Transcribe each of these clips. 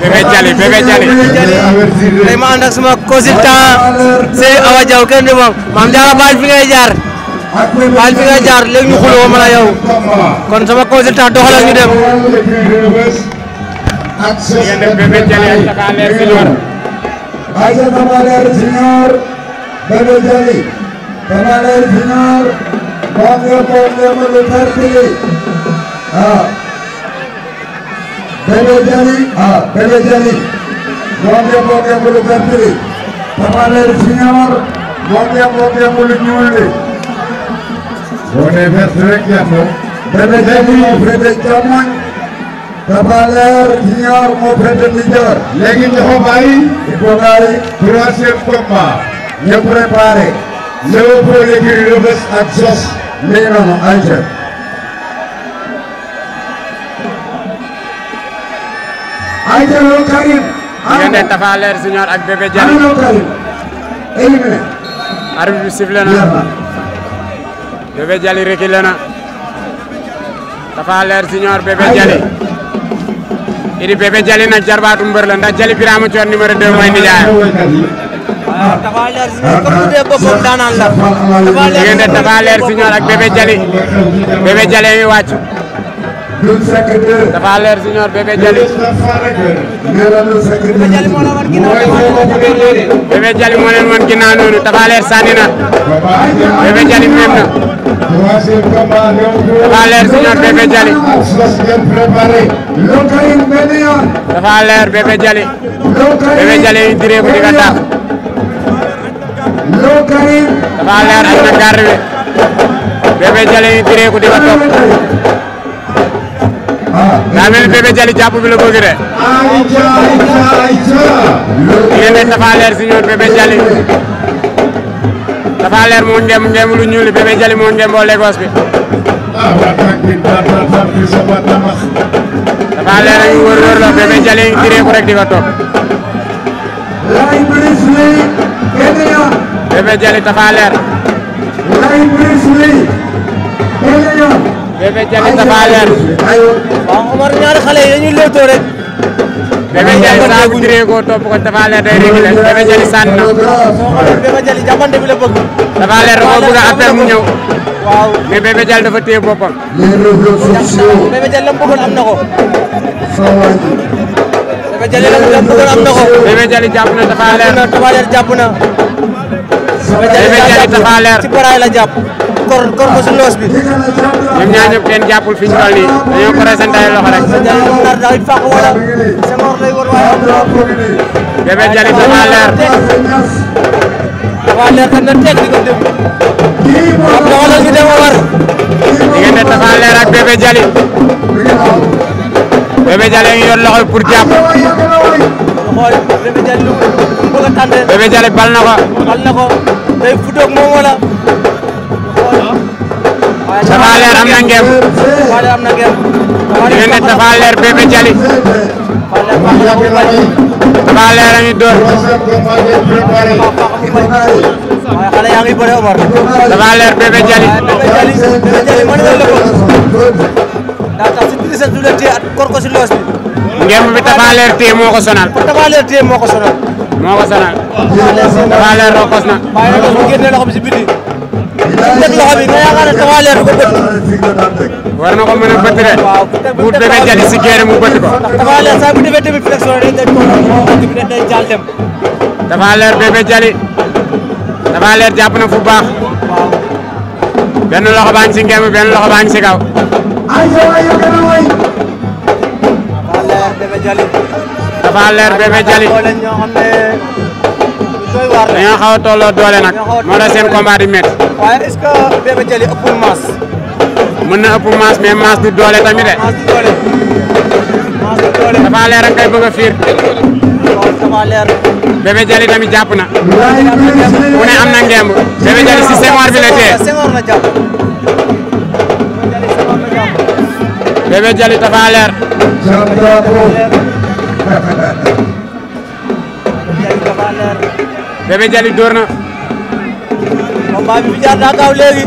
Bébé Dialy Bébé Dialy. tey ma ànd ak sama consultant Seydou Awa Diaw kenn du moom maam jaara baal fi ngay jaar baal ñu xuloo la yow kon sama consultant doxalal ñu dem. ngeen def Bébé Dialy ak Takale Senior. ak Takale Senior Bébé Dialy పెళ్ళి ఆ పెళ్ళి మోకే మోకే ముళ్ళు కర్పిడి తమాలేరు సీనియర్ మోకే మోకే ముళ్ళు న్యూళ్ళు Bonne réflexion. Benedetto Frédéric Diamant. Ah, Tabaler Diar moo féete leader. léegi dafa bàyyi. il faut bàyyi. troisième combat. ñu préparé. léegi pour l'écurie Rebeuss ak Zoss. léegi noonu Aïdara Karim. diggante Leer Junior ak Bébé Diène. Karim. éliminé. arbitre bi sifflé na. Bébé Diène reculé na. Tapha Leer Junior Bébé Diène. idi Bébé Diène nag jarbaatu mbër la ndax Diène Birame Thion numéro 2 mooy nijaayam. waaw ah, Tapha Leer Leer Junior ak Bébé Diène. Bébé Diène mi wàcc. ñun leer junior bébé Jali. nee na noonu. bébé leer sànni na. bébé na. dafa leer junior bébé Jali. leer bébé Jali. bébé Jali direeku di daa mel ni Jali jàpp bi la bëgg de. bébé Tapha Leer si Jali. Tapha Leer moo ngem ngem lu ñuul Jali moo ngem boo Lagos bi. Tapha Leer a ngi wër wër la bébé Jali a ngi tiré ko rek di fa toog. bébé Jali Tapha Bébé Diagne Tapha Leer. waaw Omar ñaari xale yi dañuy lëwtoo rek. Bébé Diagne saa bu tiree ko topp ko Tapha Leer day réglé Bébé Diagne sànni na. Bébé Diagne jàppante bi la bëgg. Tapha Leer dafa a appel mu ñëw. waaw na ko. Bébé la mu kor kor ko si loos bi. ñoom ñaar ñëpp kenn jàppul fi ñu toll nii dañoo ko resante ay rek. ñaar daal leer. dafa leer ñu dem a war. diggante dafa leer a ngi pour jàpp. bal na ko. bal na ko day fudoog moom wala. Tapha Leer am na ngeem. diggante Tapha Leer Bébé Dialy. Tapha Leer a ngi door. Tapha Leer Bébé Dialy. ngeem bi Tapha Leer téye moo ko sonal. moo ko sonal. Tapha rokos na. teg loxo bi nga yaakaar na a bët leer saa leer jàpp na fu baax. benn loxo baa ngi si ngeem benn loxo baa ngi si kaw. leer bébé jëli. dañoo xaw tolloo doole nag moo tax seen combat di métti. waaye na ëpp masse mais masse du doole tamit de. masse leer ak kay bëgg a fiir. loolu tamit jàpp na. mu ne am na ngemb. Bébé Dièli si Senghor bi la tee. Bébé Dialy door na. combat daa gaaw léegi.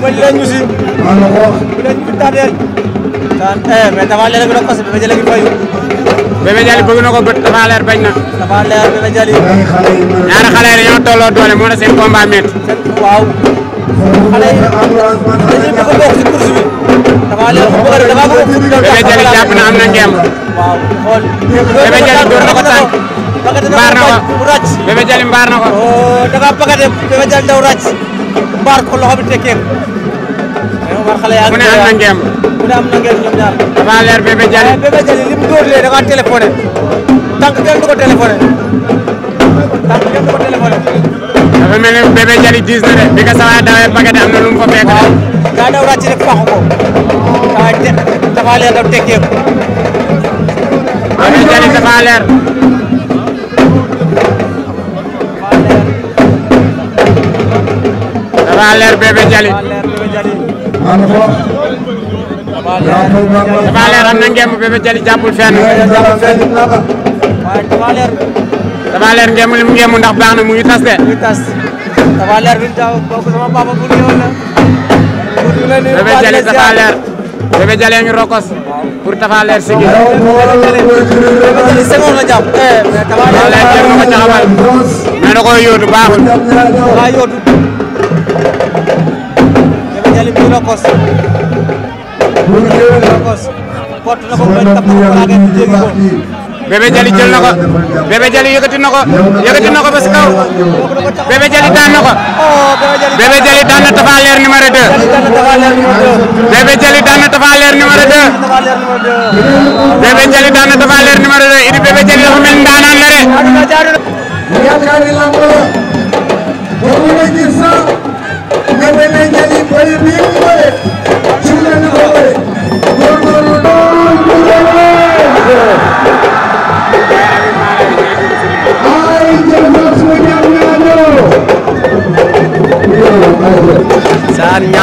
mën leen ñu ko wax. bu leen ñu fi tardeel. daan eh, na ko bët dafa leer bañ na. dafa doole moo ne seen combat métti. waaw. xale yi dañuy a bokk na am na ngeem. waaw xool. Bébé ko tànk. mbaar na ko Bébé Dialy mbaar na ko. Oh, da ngaa pàcc Bébé Dialy daw ràcc. mbaar ko loxo bi tekkeen. Omar xale yaa ngi am na ngeem. mu ne am na ngeem ñoom ñaar. dafa leer Bébé eh, Dialy. Bébé Dialy li mu dóorlee da ngaa téléphoné. tànk kenn du ko téléphoné. tànk kenn du ko téléphoné. dafa mel ni Bébé Dialy diis na de bi nga saa waay dawee pàcc am na lu mu fa fekk. waaw daa daw ràcc rek faxu ko. waaye te dafa leer daw tekkee ko. Bébé Dialy dafa leer. Dafa leer Bébé Dialy. Dafa am na ngeem Bébé Dialy jàppul fenn. leer ngeem li mu ndax baax na mu ngi tas de. Dafa leer bi taw bokk sama leer. Bébé a ngi rokos pour Dafa leer sigi. Bébé Dialy sëngoon la jàpp. Dafa leer jéem Bébé Dialy mi ngi rokos. rokos. porte na ko bañ tap na ko balaa ngeen jéggi ko. Bébé Dialy jël na ko Bébé Dialy ba si kaw Bébé Dialy daan na ko. Bébé daan na Tapha Leer numéro 2. Bébé daan na Tapha Leer numéro Idi Bébé Dialy dafa mel ni ndaanaan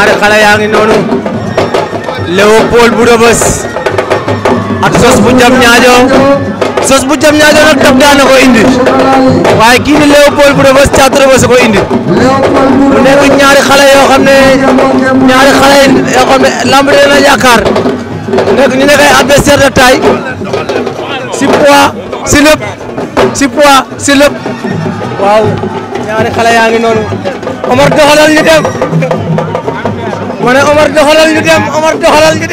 ñaari xale yaa ngi noonu Léopold bu sos bu jam ñaajo sos bu jam ñaajo nag daf ko indi waaye kii di Léopold bu Rebeuss caatu Rebeuss ko indi mu nekk ñaari xale yoo xam ne ñaari xale yoo xam ne lamb dina la yaakaar ñu nekk ay adversaire de taille si poids si lépp si poids si lépp waaw ñaari xale yaa ngi noonu Omar doxalal ñu dem ma ne Omar doxalal ñu dem Omar doxalal ñu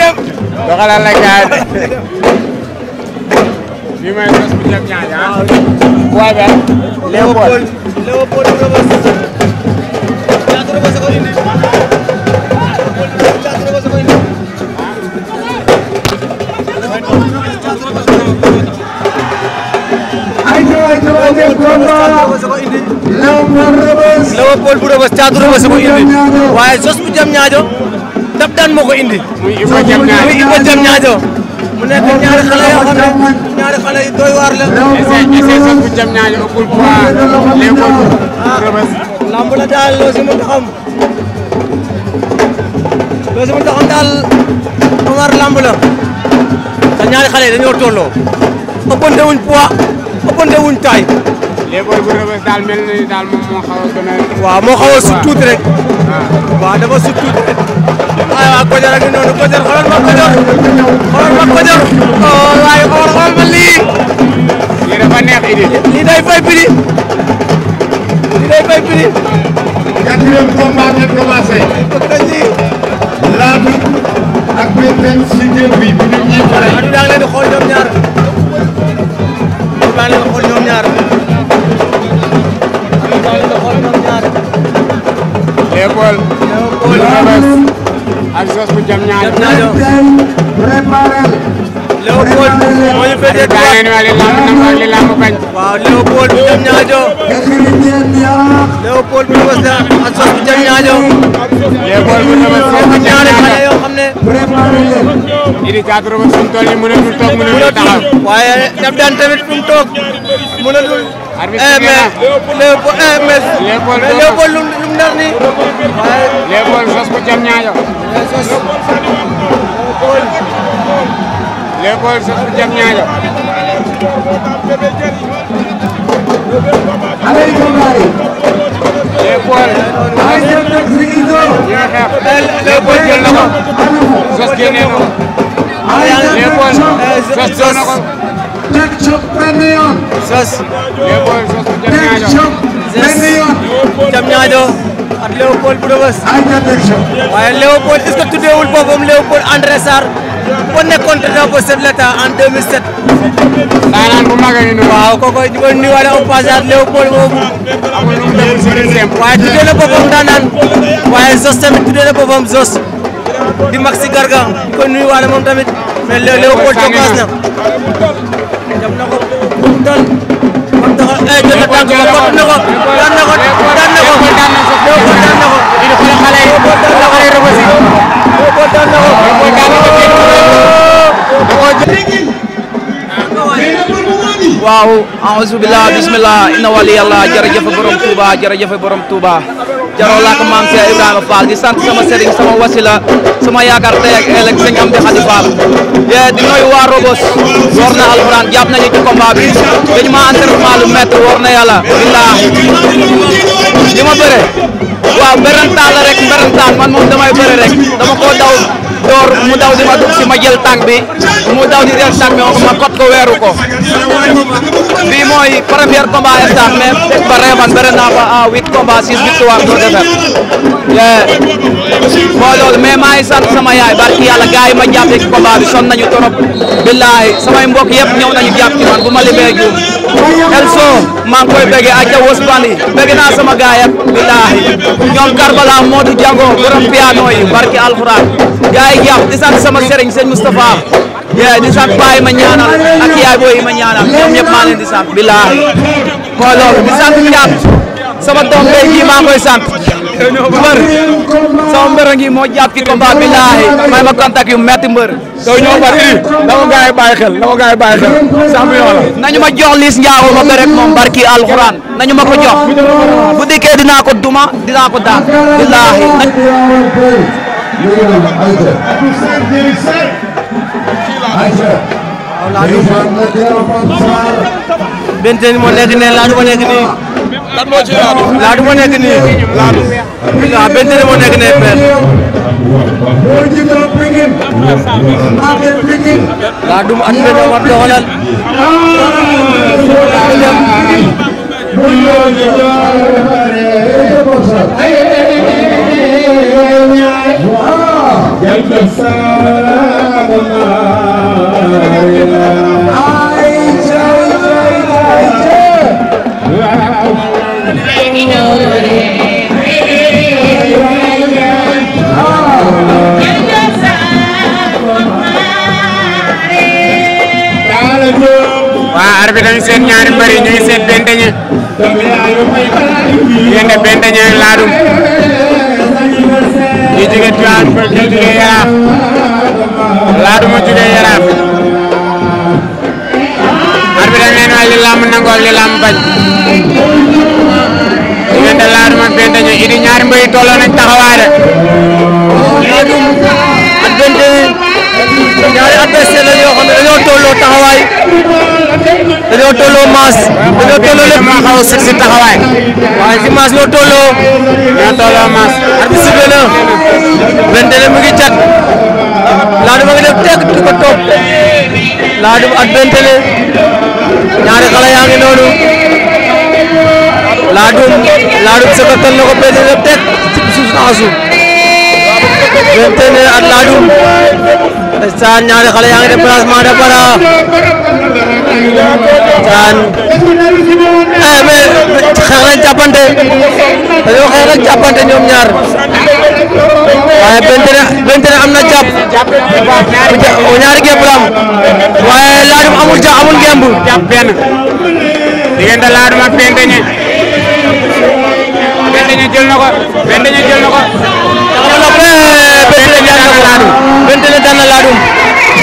Léopold bu Rebeuss caatu Rebeuss mu indi waaye Zoss bu Diamniadio dab daan moo ko indi. muy Ibou Diamniadio mu nekk ñaari xale yoo xam ne ñaari xale yu doy waar la. essai essai Zoss bu Diamniadio ëppul poids Léopold bu Rebeuss. lamb la daal loo si mën a xam loo a xam daal Omar lamb la te ñaari xale yi dañoo tolloo ëppante wuñ poids ëppante wuñ taille. léegi booy bu rëbës daal mel na ni daal moom moo xaw a gën a. waaw moo xaw a sut tuuti rek. Ah. waaw dafa sut tuuti rek. aywa Kojar a ngi noonu Kojar xoolal ma Kojar. déet bu baax daa leen wax li lamb li lamb bañ. waaw Léopold bu jëm ñaajo. Léopold bu Tébési ak sos bu jëm ñaajo. Léopold bu Tébési ak ñaari xale yoo xam ne. Idi Caatu ba suñ tool yi mënatul toog mënatul taxaw. waaye daf daan tamit fu mu toog mënatul. arbitre bi mais Léopold mais. mais Léopold lu mu nar nii. waaye Léopold sos bu jëm ñaajo. sos. Léopold sax bu jam ñaaja ale yi na ko sos génnee na ko jam ñaaja benn yoon waaye Léopold est-ce que tuddeewul boppam Léopold André boo nekkoon drapeau chef de l'État en 2007. daanaka bu mag a ngi waaw kooku koy nuyuwaale au passage Léopold boobu. waaye tuddee na boppam daanaan waaye Zos tamit tuddee na boppam Zos di mag Garga ñu koy nuyuwaale moom tamit mais Léopold jokkaas na. jam na ko doon a Bobo daan na ko. Bobo daan na inna wali yàlla jërëjëf borom Touba jërëjëf borom Touba. jaroo laa ko maam Cheikh Ibrahima di sant sama sëriñ sama wasila sama yaakaar tey ak ëllëg sëñ di xadi Fall di nuyu waa Robos war na alxuraan jàpp nañu ci combat bi dañu ma entraînement lu métti war ma bëre waaw mberantaan la rek mberantaan man moom damay bëri rek dama koo daw door mu daw di ma dugg si ma jël tànk bi mu daw di jël tànk bi ma kot ko weeru ko bii mooy premier combat stade mais def ba reeman bëri naa fa à ah, huit combat six victoire doo defar mooy loolu mais maa sama yaay barki yàlla gars ma jàppee ci bi son nañu torop billahi samay mbokk yëpp ñëw nañu jàpp man bu ma limee Elzo maa ngi koy bëgg ak ca Wos Bandi bëgg naa sama gaay yi ak billaahi ñoom Karbala Modou Diango borom piano yi barki alxuraan gaay yi jàpp di sant sama sëriñ sëñ Moustapha yee di sant baay ma ñaanal ak yaay ma ñaanal ñoom ñëpp maa di sant billaahi mooy di sant Ndiaye sama doom bee maa koy sant. mbër sama mbër a ngi moo jàpp ci combat bi laaxi may ma contact yu metti mbër doo ñëw far iri na ko gars yi bàyyi xel na ko gars yi bàyyi xel champion la nañu ma jox liis njaaxu ma bëre ak moom barki alxuraan nañu ma ko jox bu dikkee dinaa ko duma dinaa ko daan billaahi benn moo ma nekk lan moo ci laadu. laadu ah, moo nekk nii. laadu. waaw benn télé moo yende bende ñaay laadum ñi jóge Tiwaawan Pël ñi jóge Yaraaf laaduma jóge Yaraaf arbitre bi neen waay li nangool li làmb bañ diggante laaduma bende ñi idi ñaari mbay tolloo nañ taxawaay de ñaari adversaire la ñoo xam tolloo taxawaay dañoo tolloo maas dañoo tolloo lépp maa a sëg si taxawaay waaye si ñoo tolloo ñoo maas arbitre mu ngi cat Ladoum a ngi def tekk di ko yaa ngi noonu Ladoum Ladoum ko Bentele def tekk ci suuf naa suuf Bentele ak Ladoum yaa ngi def placement de daan ah eh, mais xeex nañ jàppante dañoo xeex rek jàppante ñoom ñaar waaye Béntene Béntene am na jàpp bu ñaari gémb la am waaye Ladoum amul ja amul gémb. jàpp benn diggante Ladoum ak Béntene Béntene jël na ko Béntene jël na ko. Béntene daan na Ladoum Béntene daan na Ladoum.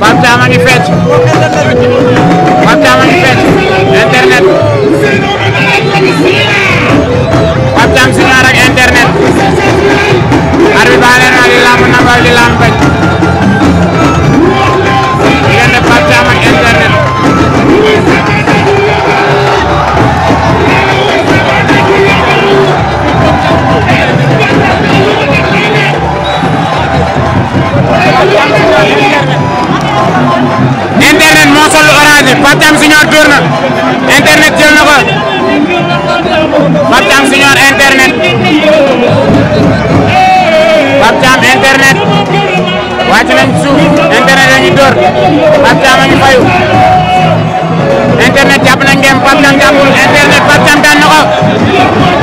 Pape Thiam a ngi fecc Pape Thiam a ngi fecc door Pape Thiam a ngi fayu internet jàpp na ngeen Pape Thiam jàppul internet Pape Thiam daan na